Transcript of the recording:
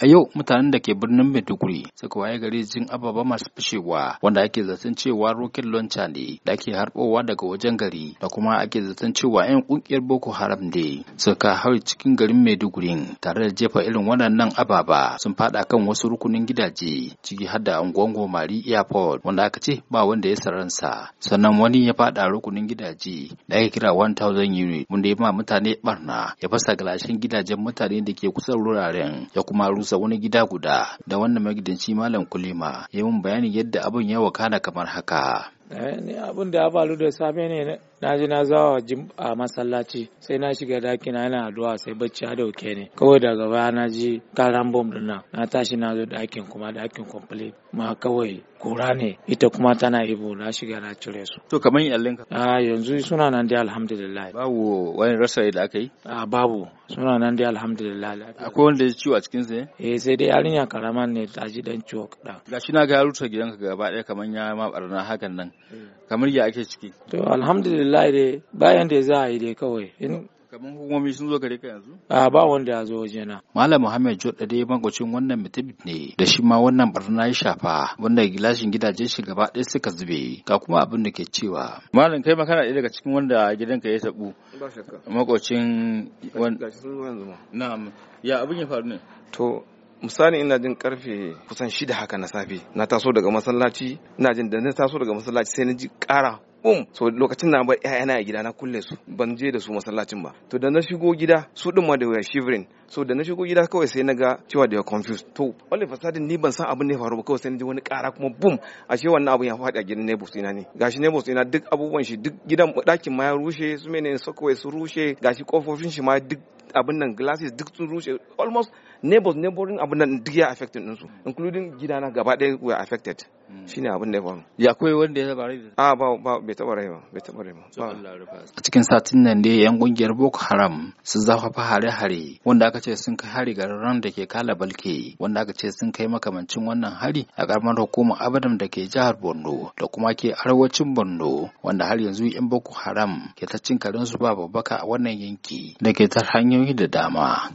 A yau mutanen da ke birnin Maiduguri suka waye gari jin ababa masu fashewa wanda ake zaton cewa rocket launcher ne da ake harbowa daga wajen gari da kuma ake zaton cewa 'yan kungiyar Boko Haram ne suka hauri cikin garin Maiduguri tare da jefa irin waɗannan ababa sun fada kan wasu rukunin gidaje ciki har da Angongo Mari Airport wanda aka ce ba wanda ya saransa sannan wani ya fada rukunin gidaje da ake kira 1000 unit wanda ya ma mutane barna ya fasa galashin gidajen mutane da ke kusa wuraren ya kuma rusa wani gida guda da wannan magidanci malam kulima ya mun bayanin yadda abin ya wakana kamar haka. Eh, abin da ya faru da safe ne na ji na zawa a masallaci sai na shiga daki na yana addu'a sai bacci a dauke ne kawai daga baya na ji karan bom din nan na tashi na zo dakin kuma dakin complete ma kawai kura ne ita kuma tana ibo na shiga na cire su to kamar ka a yanzu suna nan dai alhamdulillah babu wani rasa da aka yi a babu suna nan dai alhamdulillah akwai wanda ya ciwo a cikin sa eh sai dai yarinya karaman ne ta ji dan ciwo kada gashi na ga rutsa gidanka gaba daya kaman ya ma barna hakan nan eh. kamar ya ake ciki to alhamdulillah alhamdulillah dai bayan da za a yi dai kawai kamar hukumomi sun zo gare ka yanzu? A ah, ba wanda ya zo na. Malam Muhammad Jodda dai makwacin wannan mutum ne da shi ma wannan barna ya shafa wanda gilashin gidajen shi gaba ɗaya suka zube ga kuma abin da ke cewa. Malam kai makana ɗaya daga cikin wanda gidanka ya taɓu. Ba shakka. Makwacin Na'am. Ya abin ya faru ne? To misali ina jin karfe kusan shida haka na safe na taso daga masallaci ina jin da na taso daga masallaci sai na ji kara bum so lokacin na bar ƴaƴana a gida na kulle su ban je da su masallacin ba to da na shigo gida su din ma da were shivering so da na shigo gida kawai sai na ga cewa da confused to wani fasadin ni ban san abin da ya faru ba kawai sai na ji wani ƙara kuma bum ce wannan abin ya faɗi a gidan neighbors ina ne gashi neighbors ina duk abubuwan shi duk gidan ɗakin ma ya rushe su mene sokowai su rushe gashi kofofin shi ma duk abin nan glasses duk sun rushe almost neighbors neighboring abin nan duk ya affected din su including gidana gaba ɗaya were affected hmm. shine abin da ya faru ya koyi wanda ya taba rai a ah, ba ba bai taba rai ba bai taba rai ba a cikin satin nan dai yan kungiyar Boko Haram su zafafa hare-hare wanda aka ce sun kai hari garin da ke Kala Balke wanda aka ce sun kai makamancin wannan hari a karamar hukumar Abadam da ke jihar Borno da kuma ke arewacin Borno wanda har yanzu yan Boko Haram ke ta cin karin su ba babbaka a wannan yanki da ke tar hanyoyi da dama